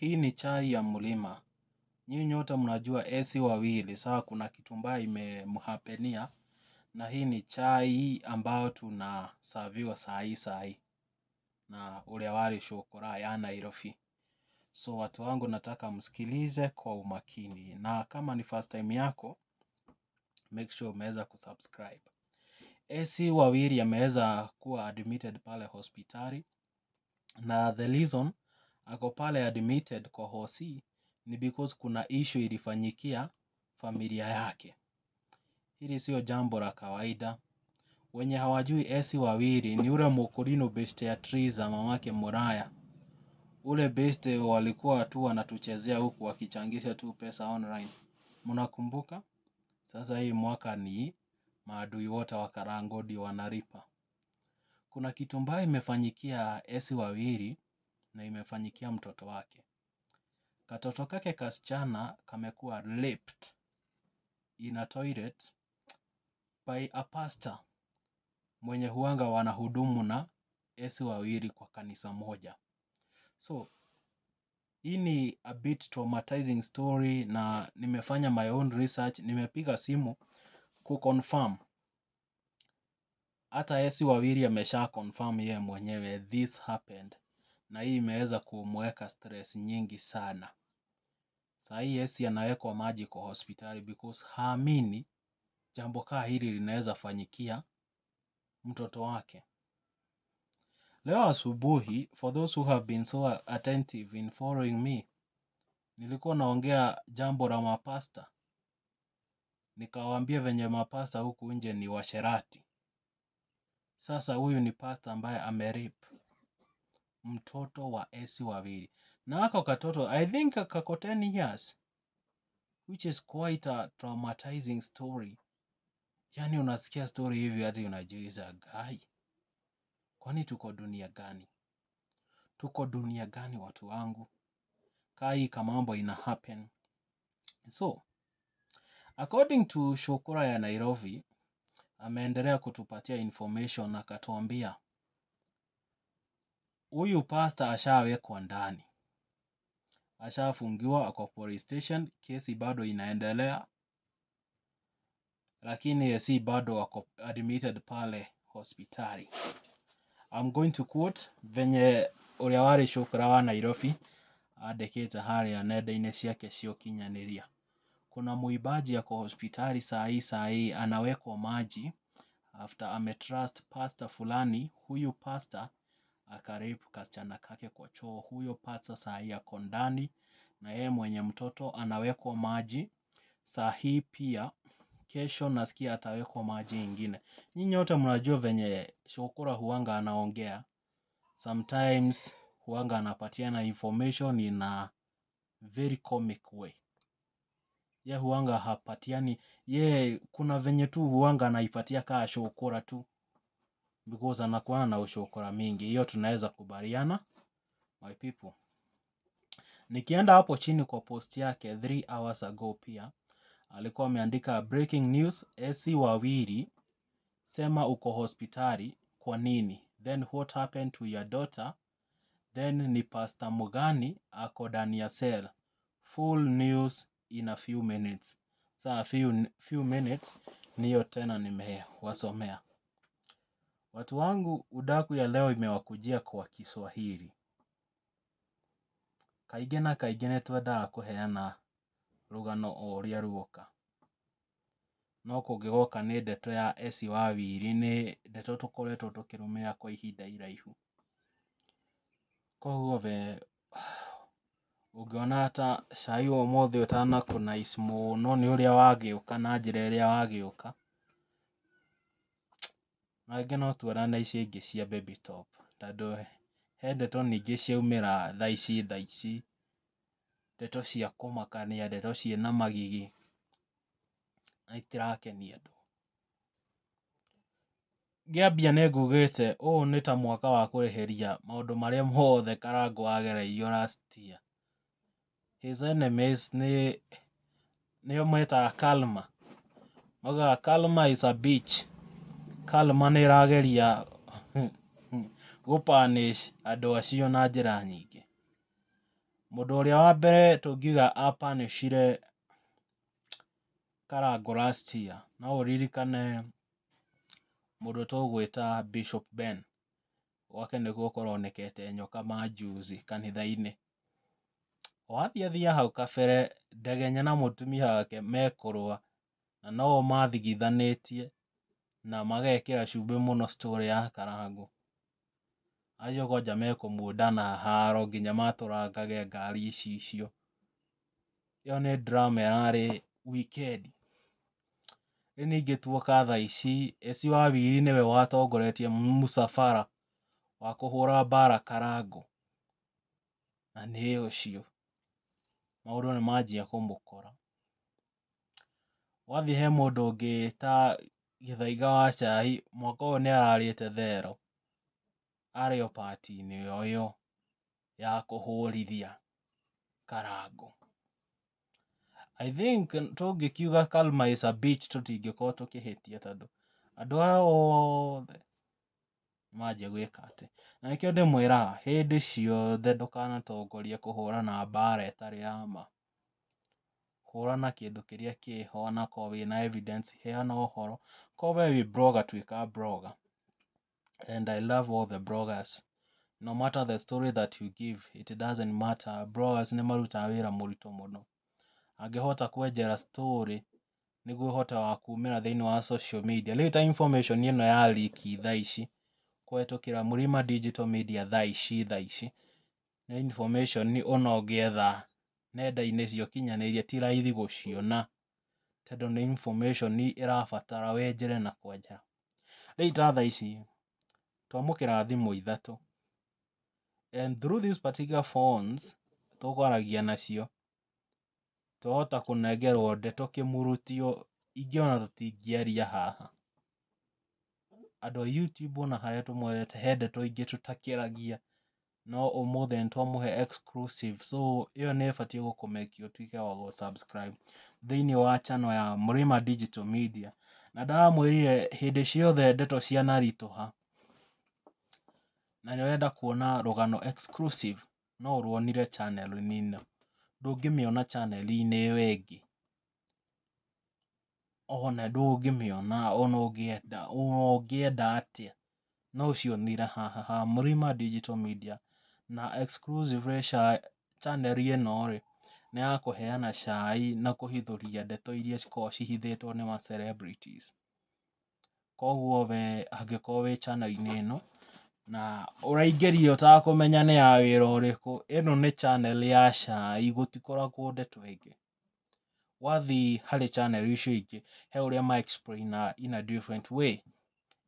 Hii ni chai ya mlima. Nyinyi nyote mnajua AC wawili. Sawa kuna kitumbaa imemhapenia. Na hii ni chai ambayo tunasaviwa sahi hii Na ule wali shukura ya Nairobi. So watu wangu nataka msikilize kwa umakini. Na kama ni first time yako, make sure umeweza kusubscribe. AC wawili ameweza kuwa admitted pale hospitali. Na the reason ako pale admitted kwa hosi ni because kuna issue ilifanyikia familia yake. Hili sio jambo la kawaida. Wenye hawajui esi wawili ni ule Mokorino beste ya Triza, mamake Moraya. Ule beste walikuwa tu wanatuchezea huku wakichangisha tu pesa online, mnakumbuka? Sasa hii mwaka ni maadui wote wa Karangodi wanaripa. Kuna kitu mbaya imefanyikia esi wawili na imefanyikia mtoto wake. Katoto kake kasichana kamekuwa raped in a toilet by a pastor mwenye huanga wanahudumu na esi wawili kwa kanisa moja. So hii ni a bit traumatizing story, na nimefanya my own research, nimepiga simu kuconfirm hata esi wawili amesha confirm yeye mwenyewe this happened na hii imeweza kumweka stress nyingi sana. Saa hii Hersi anawekwa maji kwa hospitali because haamini jambo kaa hili linaweza fanyikia mtoto wake. Leo asubuhi, for those who have been so attentive in following me, nilikuwa naongea jambo la mapasta, nikawaambia venye mapasta huku nje ni washerati. Sasa huyu ni pasta ambaye amerip mtoto wa esi wawili nako katoto i think kako 10 years which is quite a traumatizing story yani unasikia story hivi hati unajuiza gai kwani tuko dunia gani tuko dunia gani watu wangu kai kamambo ina happen so according to shukura ya nairobi ameendelea kutupatia information akatuambia Huyu pasta ashawekwa ndani, ashafungiwa, ako police station, kesi bado inaendelea, lakini si bado ako admitted pale hospitali. I'm going to quote venye uria wari cukara wa Nairobi andikite haria nenda-ini ciake cia ukinyaniria kuna muibaji ako hospitali saa hii saa hii anawekwa maji after ametrust pastor fulani. Huyu pastor akarepu kasichana kake kwa choo. Huyo pasa saa hii ako ndani na yeye mwenye mtoto anawekwa maji saa hii pia. Kesho nasikia atawekwa maji ingine. Nyinyi wote mnajua venye Shukura huanga anaongea, sometimes huanga anapatiana information in a very comic way ye huanga hapatiani ye, kuna venye tu huanga anaipatia kaa Shukura tu because anakuwa na ushukura mingi. Hiyo tunaweza kubaliana my people. Nikienda hapo chini kwa post yake 3 hours ago, pia alikuwa ameandika breaking news, AC wawili sema uko hospitali kwa nini? Then what happened to your daughter? Then ni Pastor Mugani ako ndani ya cell. Full news in a few minutes. Saa few, few minutes niyo tena nimewasomea. Watu wangu udaku ya leo imewakujia kwa kiswahili. Kaingĩ na kaingĩ nĩ twendaga kũheana rũgano o ũrĩa ruoka. No kũngĩgoka nĩ ndeto ya S. wiri nĩ ndeto tũkoretwo tũkĩrũmĩrĩra kwa ihinda iraihu. Koguo ve ũngĩona ta cai wa ũmũthĩ ũtanakũ nice mũno nĩ ũrĩa wagĩũka na njĩra ĩrĩa wagĩũka, na rĩngĩ no tuonane icio ingĩ cia Baby Top tondũ he ndeto nyingĩ ciaumĩra thaa ici thaa ici, ndeto cia kũmakania, ndeto ciĩna magigi na itirakenia andũ. Ngĩambia ngugĩte ũũ nĩ ta mwaka wa kũrĩhĩria maũndũ marĩa mothe Karangũ agereirio last year. His enemies nĩo metaga Kalma, maugaga Kalma is a bitch kal mane rageri ya gopanish ado asiyo na jeranyige mudoria wabere tungiuga apanishire kara golasitia na orili kane mudotogwita bishop ben waka ndekukoroneketenyo kama juzi kanithaine oadhiadhi haukafere degenya na mutumi haake mekorwa na no mathigithanetie na magekira cumbĩ mũno story ya Karangũ. Acio kwanja mekũmwenda na haro nginya matũrangange ngari icicio. Ĩyo nĩ drama ĩrarĩ weekend Rĩu ningĩ tuoka thaa ici, AC Wawiri nĩwe watongoretie mũcabara wa kũhũra bara Karangũ, na nĩ ũcio maũndũ nĩmanjia kũmũkora. Wathiĩ he mũndũ ũngĩ ta Gĩthaiga wa Chai, mwaka ũyũ nĩ ararĩte thero, arĩ o pati-inĩ o ĩyo ya kũhũrithia Karangũ. I think tũngĩkiuga Kalma is a bitch tũtingĩkorwo tũkĩhĩtia tondũ andũ aya othe manjia gwĩka atĩ. Na nĩkĩo ndĩmwĩraga hĩndĩ ciothe ndũkanatongorie kũhũrana mbara ĩtarĩ ya ma. kũrana kĩndũ kĩrĩa kĩho onakorwo wĩna evidence heana ũhoro korwo we wĩ blogger tuĩka blogger and I love all the bloggers no matter the story that you give it doesn't matter bloggers nĩ marutaga wĩra mũritũ mũno angĩhota kwenjera story nĩguo ũhote wa kumĩra thĩinĩ wa social media rĩu ta information ĩno ya riki thaa ici kũhetũkĩra Mlima Digital Media thaa ici thaa ici nĩ information ona ũngĩetha nenda-inĩ cia ũkinyanĩria ti raithi gũciona tondũ nĩ information ĩrabatara wenjere na kwenjera. Rĩu ta thaa ici twamũkĩra thimũ ithatũ and through these particular phones tũkwaragia nacio twahota kũnengerwo ndeto kĩmurutio ingĩ ona tũtingĩaria haha. Andũ a YouTube ona harĩa tũmoete he ndeto ingĩ tũtakĩaragia no umuthi nĩ twamũhe exclusive so iyo ĩyo nĩ ĩbatiĩ gũkũmeki ũtuĩke wa gũ-subscribe thĩinĩ wa channel ya Mrima Digital Media na ndamwĩrire hĩndĩ ciothe ndeto cianaritũha na nĩũrenda kuona rũgano exclusive no uruonire channel-inĩ ĩno ndũngĩmĩona channel-inĩ ĩyo ĩngĩ ona ndũngĩmĩona ona ũngĩenda ona ũngĩenda atĩa no cionire haha ha Mrima Digital Media na exclusive rĩ SHA channel ĩno rĩ, nĩ ya kũheana cai na kũhithũria ndeto iria cikoragwo cihithĩtwo nĩ ma celebrities. Koguo we angĩkorwo wĩ channel -inĩ ĩno, na ũraingĩrire ũtakũmenya nĩ ya wĩra ũrĩkũ, ĩno nĩ channel ya cai gũtikoragwo ndeto ĩngĩ. Wathiĩ harĩ channel icio ingĩ, he ũrĩa ma explain aga in a different way.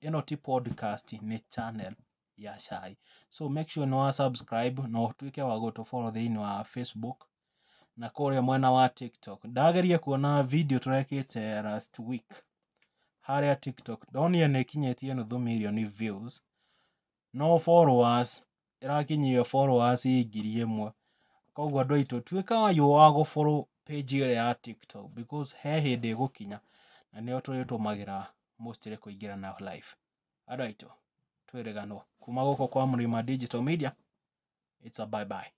Ĩno ti podcast nĩ channel. ya cai so make sure nä subscribe na utuike tuä ke wa gå follow the inä wa facebook na kuria mwena wa tiktok Dagari ya kuona video turekite last week ya tiktok Doni ndonire nä kinyetie nuthu million views no followers kinye irakinyia followers hii ngiri imwe koguo andå aitå Tuweka wa yu wago follow page ä ya tiktok because he he ndä kinya na neoto yoto magira. rä tå magä ra na life. andå twereganwa ku maboko kwa Mlima Digital Media. It's a bye bye.